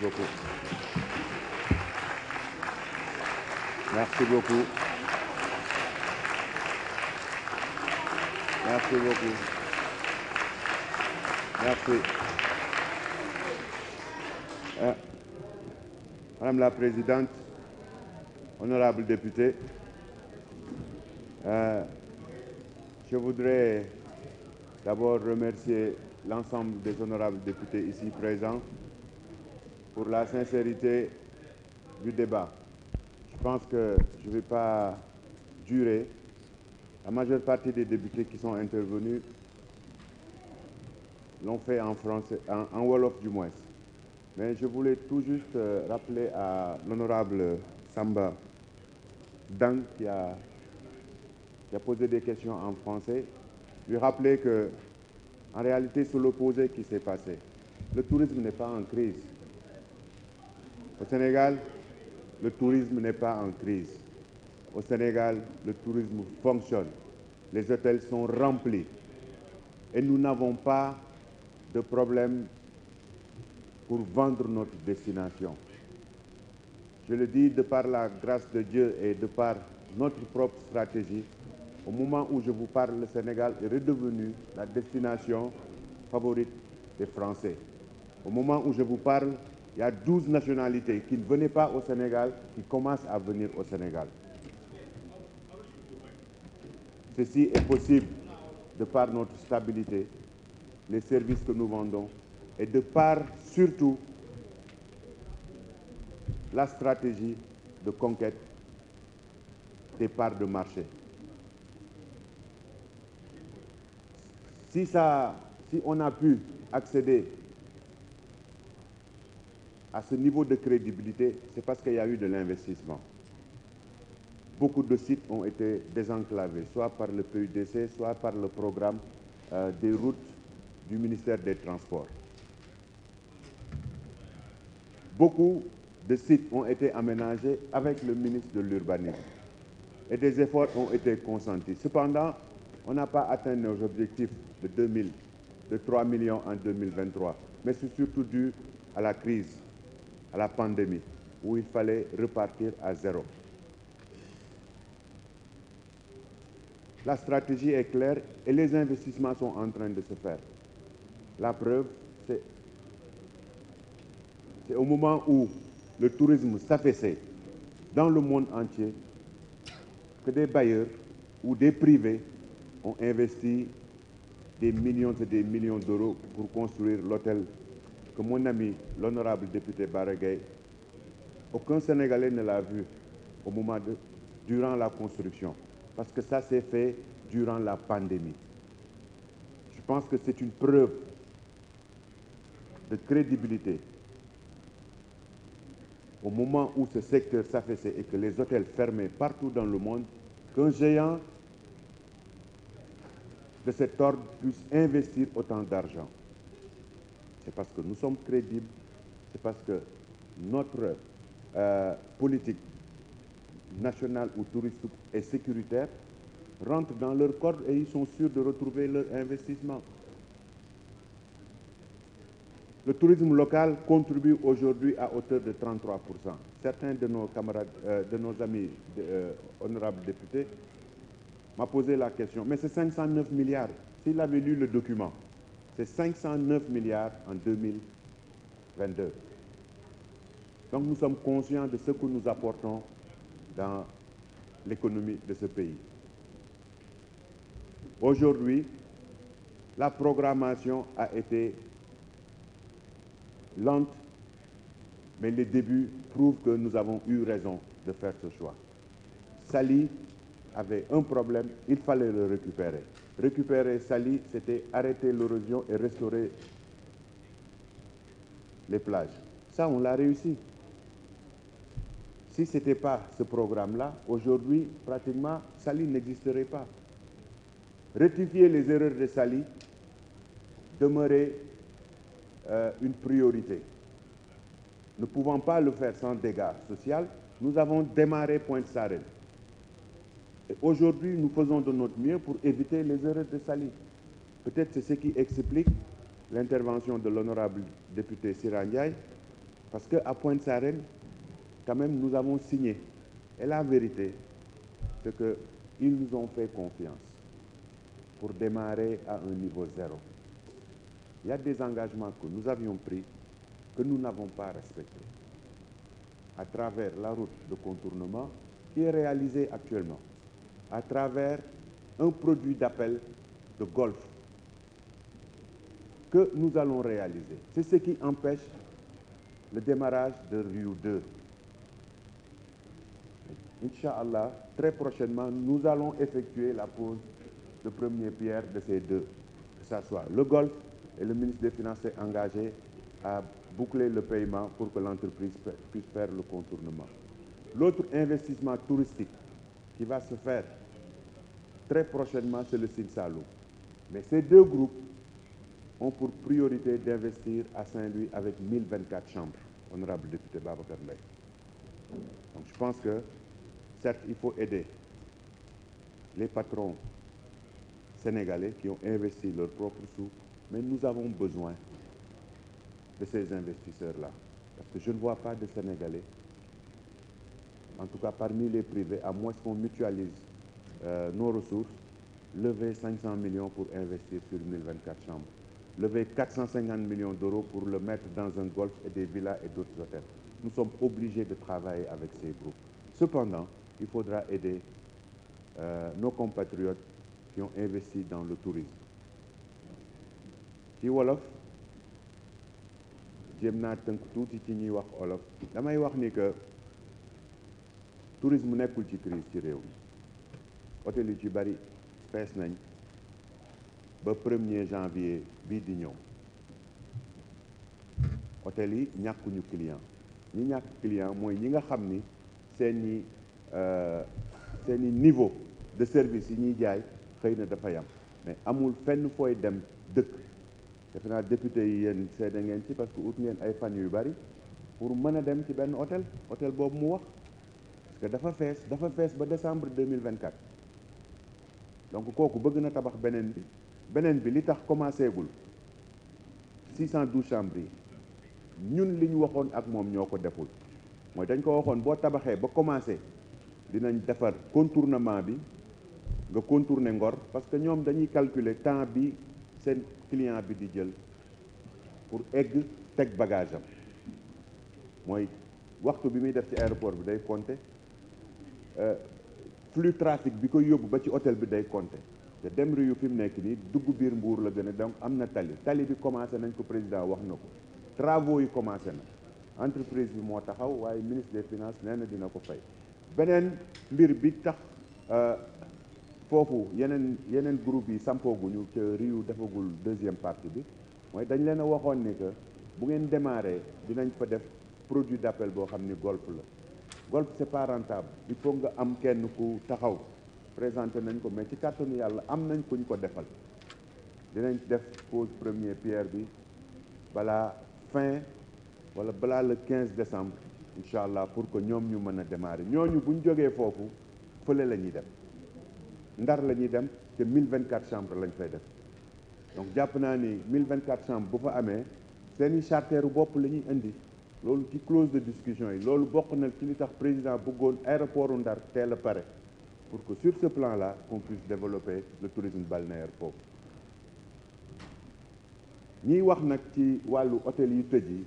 beaucoup. Merci beaucoup. Merci euh, Madame la Présidente, honorables députés, euh, je voudrais d'abord remercier l'ensemble des honorables députés ici présents pour la sincérité du débat. Je pense que je ne vais pas durer. La majeure partie des députés qui sont intervenus l'ont fait en français, en, en, Wolof du moins. Mais je voulais tout juste euh, rappeler à l'honorable Samba Dang qui a, qui a posé des questions en français, lui rappeler que en réalité c'est l'opposé qui s'est passé. Le tourisme n'est pas en crise. Au Sénégal, le tourisme n'est pas en crise. Au Sénégal, le tourisme fonctionne. Les hôtels sont remplis. Et nous n'avons pas de problème pour vendre notre destination. Je le dis de par la grâce de Dieu et de par notre propre stratégie. Au moment où je vous parle, le Sénégal est redevenu la destination favorite des Français. Au moment où je vous parle, Il y a 12 nationalités qui ne venaient pas au Sénégal, qui commencent à venir au Sénégal. Ceci est possible de par notre stabilité, les services que nous vendons et de par surtout la stratégie de conquête des parts de marché. Si, ça, si on a pu accéder à ce niveau de crédibilité, c'est parce qu'il y a eu de l'investissement. Beaucoup de sites ont été désenclavés, soit par le PUDC, par le programme euh, des ministère des Transports. Beaucoup de sites ont été aménagés avec le ministre de l'Urbanisme et des efforts ont été consentis. Cependant, on n'a pas atteint nos objectifs de de 3 millions en 2023, mais c'est surtout dû à la crise à la pandémie, où il fallait repartir à zéro. La stratégie est claire et les investissements sont en train de se faire. La preuve, c'est au moment où le tourisme s'affaissait dans le monde entier que des bailleurs ou des privés ont investi des millions et des millions d'euros pour construire l'hôtel que mon ami, l'honorable député Baragay, aucun Sénégalais ne l'a vu au moment de, durant la construction, parce que ça s'est fait durant la pandémie. Je pense que c'est une preuve de crédibilité. Au moment où ce secteur s'affaissait et que les hôtels fermaient partout dans le monde, qu'un géant de cet ordre puisse investir autant d'argent. c'est parce que nous sommes crédibles, c'est parce que notre euh, politique nationale ou touristique et sécuritaire rentre dans leur corde et de retrouver leur investissement. Le tourisme local contribue aujourd'hui à hauteur de 33%. Certains de nos camarades, euh, de nos amis de, euh, honorables députés m'ont posé la question, mais c'est 509 milliards. S'il le document, c'est 509 milliards en 2022. Donc nous sommes de ce que nous apportons dans l'économie de ce pays. la programmation a été lente, mais les débuts prouvent que raison de faire ce choix. Sali un problème, il fallait Récupérer Saly, c'était arrêter l'érosion et restaurer les plages. Ça, on l'a réussi. Si ce n'était pas ce programme-là, aujourd'hui, pratiquement, Sali n'existerait pas. Rectifier les erreurs de Sali demeurait euh, une priorité. Ne pouvant pas le faire sans dégâts sociaux, nous avons démarré Pointe-Sarène. Et aujourd'hui, nous faisons de notre mieux pour éviter les erreurs de Sali. Peut-être c'est ce qui explique l'intervention de l'honorable député Sirandiaï, parce qu'à Pointe-Sarène, quand même, nous avons signé. Et la vérité, c'est qu'ils nous ont fait confiance pour démarrer à un niveau zéro. Il y a des engagements que nous avions pris que nous n'avons pas respectés à travers la route de contournement qui est réalisée actuellement. à travers un produit d'appel de golf que nous allons réaliser. C'est ce qui empêche le démarrage de Rio 2. Inch'Allah, très prochainement, nous allons effectuer la pose de première pierre de ces deux, que ce soit le golf et le ministre des Finances est engagé à boucler le paiement pour que l'entreprise puisse faire le contournement. L'autre investissement touristique qui va se faire très prochainement, c'est le Sinsaloum. Mais ces deux groupes ont pour priorité d'investir à Saint-Louis avec 1024 chambres, honorable député Babacar Donc que, certes, il faut aider les patrons sénégalais qui ont investi leurs propres sous, mais nous avons de ces investisseurs-là. Parce que je ne vois pas de en tout cas parmi les privés, à moins qu'on mutualise euh, nos ressources, lever 500 millions pour investir sur 1024 chambres, lever 450 millions d'euros pour le mettre dans un golf et des villas et d'autres hôtels. Nous sommes obligés de travailler avec ces groupes. Cependant, il faudra aider euh, nos compatriotes qui ont investi dans le tourisme. ci wolof jéem naa tënk tuuti ci ñuy wax wolof damay wax ni que tourisme nekkul ci crise ci réew mi hôtel yu ci bari fees nañ ba premier janvier bii di ñëw hôtel yi ñàkkuñu client ñi ñàkk client mooy ñi nga xam ni seen seen euh, seeni niveau de service yi ñuy jaay xëy na dafa yam mais amul fenn fooy dem dëkk defe naa député yi yéen seede ngeen ci parce que ut ngeen ay fan yu bari pour mën a dem ci benn hôtel hôtel boobu mu wax te dafa fees dafa fees ba décembre 2024 donc kooku bëgg na tabax beneen bi beneen bi li tax commencé gul 612 chambres yi ñun li ñu waxoon ak moom ñoo ko deful mooy dañ ko waxoon boo tabaxee ba commencé dinañ defar contournement bi nga contourner Ngor parce que ñoom dañuy calculer temps bi seen client bi di jël pour egg teg bagage am mooy waxtu bi muy def ci aéroport bi day compter flux trafic bi koy yóbbu ba ci hôtel bi day compter te dem yu fi mu nekk nii dugg biir mbuur la gën a donc am na tali tali bi commencé nañ ko président wax na ko travaux yi commencé na entreprise bi moo taxaw waaye ministre des finances nee na dina ko fay beneen mbir bi tax euh, foofu yeneen yeneen groupe yi sampooguñu ca riu defagul deuxième partie bi mooy dañ leen a waxoon ni que bu ngeen démarré dinañ ko def produit d'appel boo xam ni golf la golf c'est pas rentable il faut nga am kenn ku taxaw présenté nañ ko mais ci kàttanu yàlla am nañ ku ñu ko defal dinañ def pose premier pierre bi balaa fin wala balaa la 15 décembre incha allah pour que ñoom ñu mën a démarrer ñooñu bu ñu jógee foofu fële la ñuy dem ndar lañuy dem te vingt 1024 chambres lañ fay def donc jàpp naa ni 1024 chambres bu fa amee seeni i charteru bopp la ñuy indi. loolu ci clause de discussion yi loolu bokk na ci li tax président bëggoon aéroport Ndar teel a pare pour que sur ce plan là qu'on puisse développer le tourisme balnéaire foofu ñiy wax nag ci wàllu hôtel yu tëj yi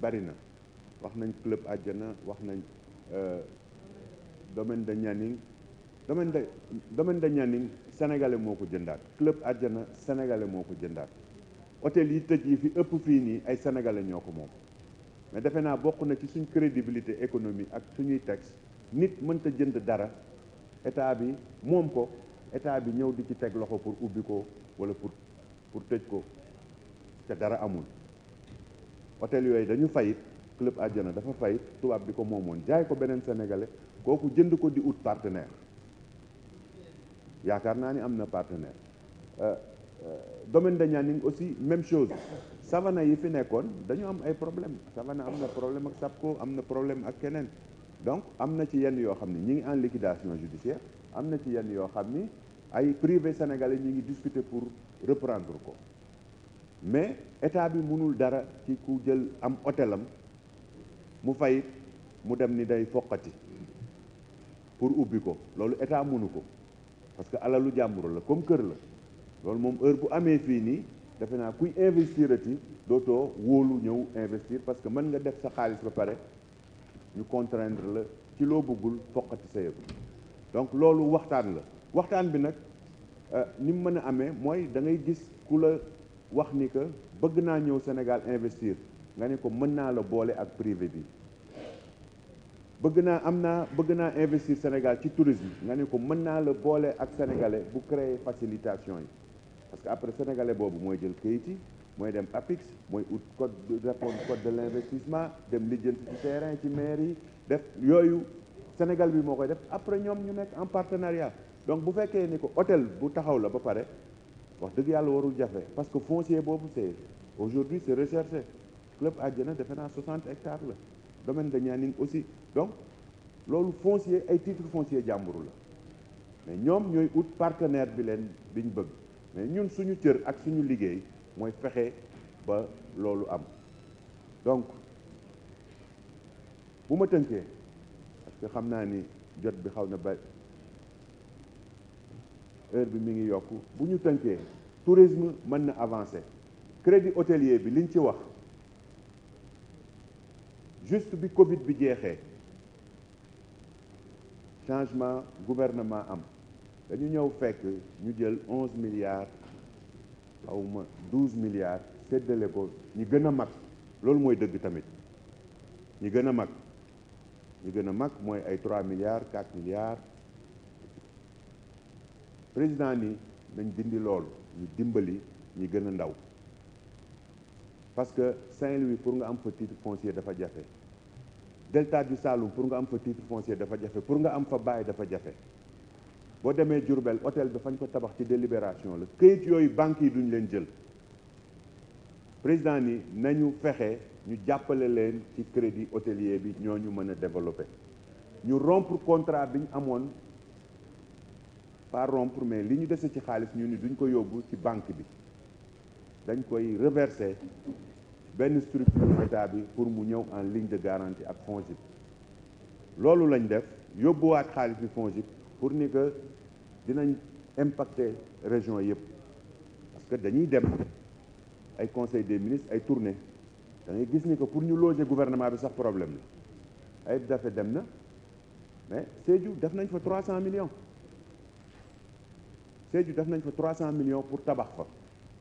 bari na wax nañ club àjjana wax nañ euh, domaine de Nianing domaine de domaine de Nianing sénégalais moo ko jëndaat club àjjana sénégalais moo ko jëndaat hôtel yi tëj yi fi ëpp fii nii ay sénégalais ñoo ko moom mais defe naa bokk na ci suñ crédibilité économie ak suñuy texte nit mënta jënd dara état bi moom ko état bi ñëw di ci teg loxo pour ubbi ko wala pour pour tëj ko te dara amul hôtel yooyu dañu fayit club àjjana dafa fayit tubaab bi ko moomoon jaay ko beneen sénégalais kooku jënd ko di ut partenaire yaakaar naa ni am na partenaire euh, euh, domaine de Nianing aussi même chose savana yi fi nekkoon dañu am ay problème savana am na problème ak SAPCO am na problème ak keneen donc am na ci yenn yoo xam ni ñi ngi en liquidation judiciaire am na ci yenn yoo xam ni ay privé sénégalais ñu ngi discuter pour reprendre ko mais état bi munul dara ci ku jël am hôtelam mu fay mu dem ni day foqati pour ubbi ko loolu état mënu ko parce que alalu jàmbur la comme kër la loolu moom heure bu amee fii nii defe naa kuy investirati dootoo wóolu ñëw investir parce que mën nga def sa xaalis ba pare ñu contraindre la ci loo bëggul foqati sa yëg donc loolu waxtaan la waxtaan bi nag euh, ni mën a amee mooy da ngay gis ku la wax ni que bëgg naa ñëw Sénégal investir nga ne ko mën naa la boole ak privé bi bëgg naa am naa bëgg naa investir Sénégal ci tourisme nga ne ko mën naa la boole ak sénégalais bu créer facilitation yi parce que après sénégalais boobu mooy jël kayit mooy dem APIX mooy ut code répondre code de l' investissement dem lijjanti ci terrain ci maire yi def yooyu Sénégal bi moo koy def après ñoom ñu nekk en partenariat donc bu fekkee ni ko hôtel bu taxaw la ba pare wax dëgg yàlla warul jafe parce que foncier boobu c'est aujourd'hui c'est recherché club àjjana defe naa 60 ectare la domaine de Nianing aussi donc loolu foncier ay titre foncier jàmburu la mais ñoom ñooy ut partenaire bi leen biñ bëgg mais ñun suñu cër ak suñu liggéey mooy fexe ba loolu am donc bu ma tënkee parce xam naa ni jot bi xaw na bari heure bi mu ngi yokk bu ñu tënkee tourisme mën na avancé crédit hôtelier bi liñ ci wax juste bi Covid bi jeexee changement gouvernement am dañu ñëw fekk ñu jël onze milliards xaw ma douze milliards séddale ko ñi gën a mag loolu mooy dëgg tamit ñi gën a mag ñi gën a mag mooy ay trois milliards quatre milliards président ni nañ dindi loolu ñu dimbali ñi gën a ndaw parce que Saint-Louis pour nga am fa titre foncier dafa jafe delta du Saloum pour nga am fa titre foncier dafa jafe pour nga am fa baay dafa jafe boo demee Diourbel hôtel bi fañ ko tabax ci délibération la këyit yooyu banques yi duñu leen jël président ni nañu fexe ñu jàppale leen ci crédit hôtelier bi ñoo ñu mën a développé ñu rompre contrat bi ñu amoon par rompre mais li ñu dese ci xaalis ñu ni duñ ko yóbbu ci banque bi dañ koy reverser benn structure état bi pour mu ñëw en ligne de garantie ak FONGIP loolu lañ def yóbbuwaat xaalis bi FONGIP pour ni que dinañ impacter région yëpp parce que dañuy dem ay conseil des ministres ay tournée da gis ni que pour ñu loger gouvernement bi sax problème la Ayib Daffé dem na mais Sédhiou def nañ fa trois 300 millions Sédhiou def nañ fa trois 300 millions pour tabax fa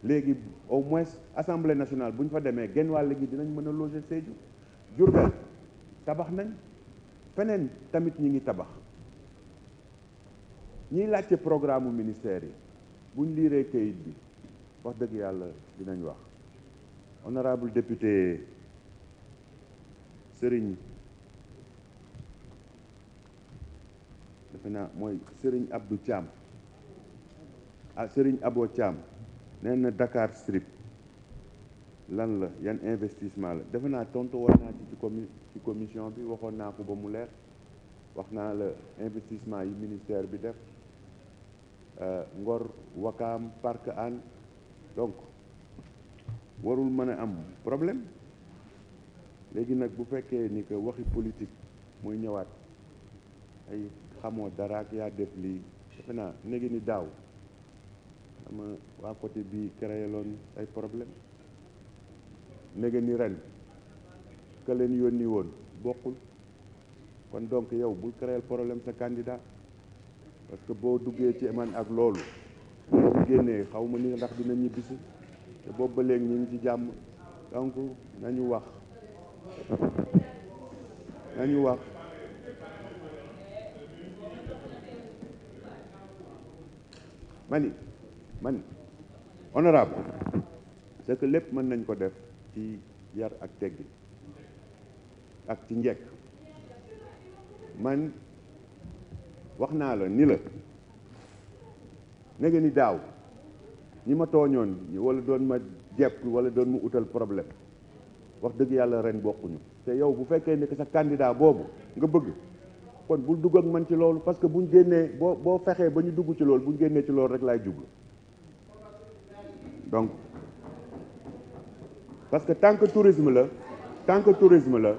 léegi au moins assemblée nationale bu ñu fa demee genn wàll gi dinañ mën a loger Sédhiou Diourbel tabax nañ feneen tamit ñi ngi tabax. ñiy laajte programme ministère yi buñ liiree kayit bi wax dëgg yàlla dinañ wax honorable député sëriñ defe naa mooy Serigne Abdou Thiam ah sëriñ Abo Thiam nee na dakaar Strip lan la yan investissement la defe naa tontu woon naa ci ci commission bi waxoon naa ko ba mu leer wax naa la investissement yi ministère bi def Euh, Ngor Wakaam Parc Hann donc warul mën a am problème léegi nag bu fekkee ni que waxi politique muy ñëwaat ay xamoo dara ak yaa def lii defe ni daaw ama waa côté bi créé loon ay problème néegi ni ren ka leen yónni woon bokkul kon donc yow bul créer problème sa candidat parce que boo duggee ci man ak loolu boo génnee xaw ma ni ndax dina ñibbisi te boobu ba léegi ñu ngi ci jàmm donc nañu wax nañu wax mani man honorable c'est que lépp mën nañ ko def ci yar ak teggi ak ci njekk man wax naa la ni la ne nga ni daaw ñi ma tooñoon wala doon ma jepp wala doon mu utal problème wax dëgg yàlla ren bokkuñu te yow bu fekkee nekk sa candidat boobu nga bëgg kon bul dugg ak man ci loolu parce que bu ñu génnee boo boo fexee ba ñu dugg ci loolu buñ génnee ci loolu rek laay jublu donc parce que tant que tourisme la tant que tourisme la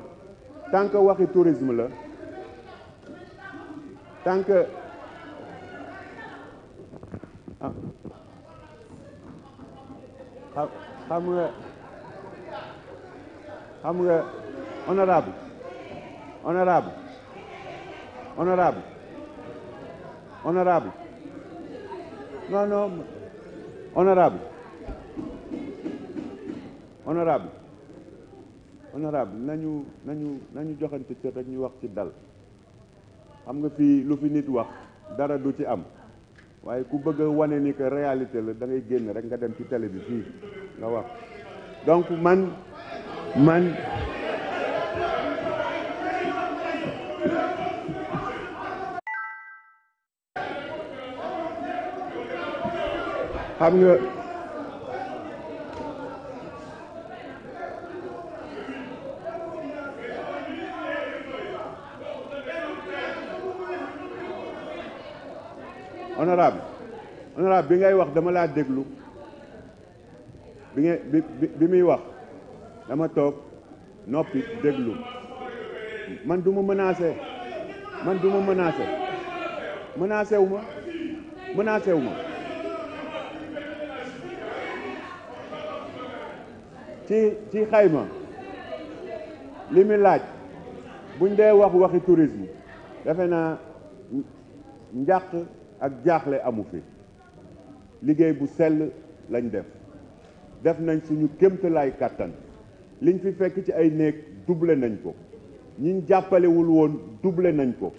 tant que waxi tourisme la tant que xam nga xam nga honorable honorable honorable honorable non non honorable honorable honorable nañu nañu nañu joxante cër rek ñu wax ci dal xam nga fi lu fi nit wax dara du ci am waaye ku bëgg a wane ni que réalité la dangay ngay génn rek nga dem ci télé bi fii nga wax donc man man xam nga honorable honorable bi ngay wax dama laa déglu bi muy wax dama toog noppi déglu man du ma menacé man du ma menacé menacé ma menacé wu ma ci ci xayma li mu laaj buñ dee wax waxi tourisme defe naa njàq ak jaaxle amu fi liggéey bu sell lañ def def nañ suñu kémtalaay kàttan liñ fi fekk ci ay néeg doublé nañ ko ñiñ jàppalewul woon doublé nañ ko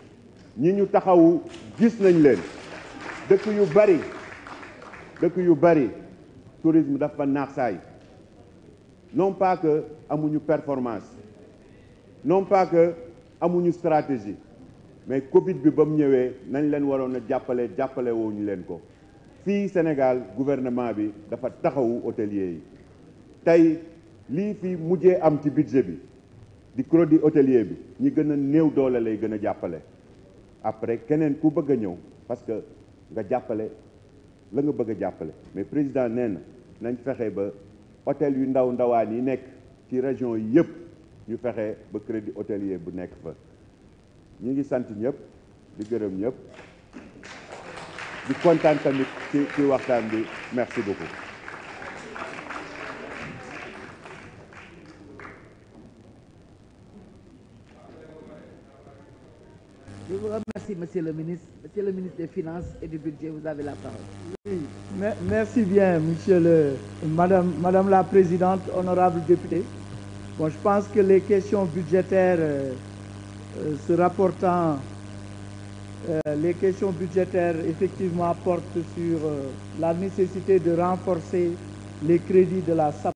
ñi ñu taxawu gis nañ leen dëkk yu bari dëkk yu bari tourisme dafa naax saay non amuñu performance non amuñu stratégie mais Covid bi ba mu ñëwee nañ leen waroon a jàppale jàppale ñu leen ko fii Sénégal gouvernement bi dafa taxawu hôtelier yi tey lii fi mujjee am ci budget bi di crédit hôtelier bi ñi gën a néew doole lay gën a jàppale après keneen ku bëgg a ñëw parce que nga jàppale la nga bëgg a jàppale mais président nee na nañ fexe ba hôtel yu ndaw ndawaan yi nekk ci région yi yëpp ñu fexe ba crédit hôtelier bu nekk fa ñu ngi sant ñëpp di gërëm ñëpp di kontaan tamit ci ci waxtaan bi merci beaucoup. Je vous remercie, Monsieur le ministre. Monsieur le ministre des Finances et du Budget, vous avez la parole. Oui, merci bien, Monsieur le, Madame, Madame la Présidente, honorable députée. Bon, je pense que les questions budgétaires euh, Euh, se rapportant euh, les questions budgétaires effectivement portent sur euh, la nécessité de renforcer les crédits de la SAP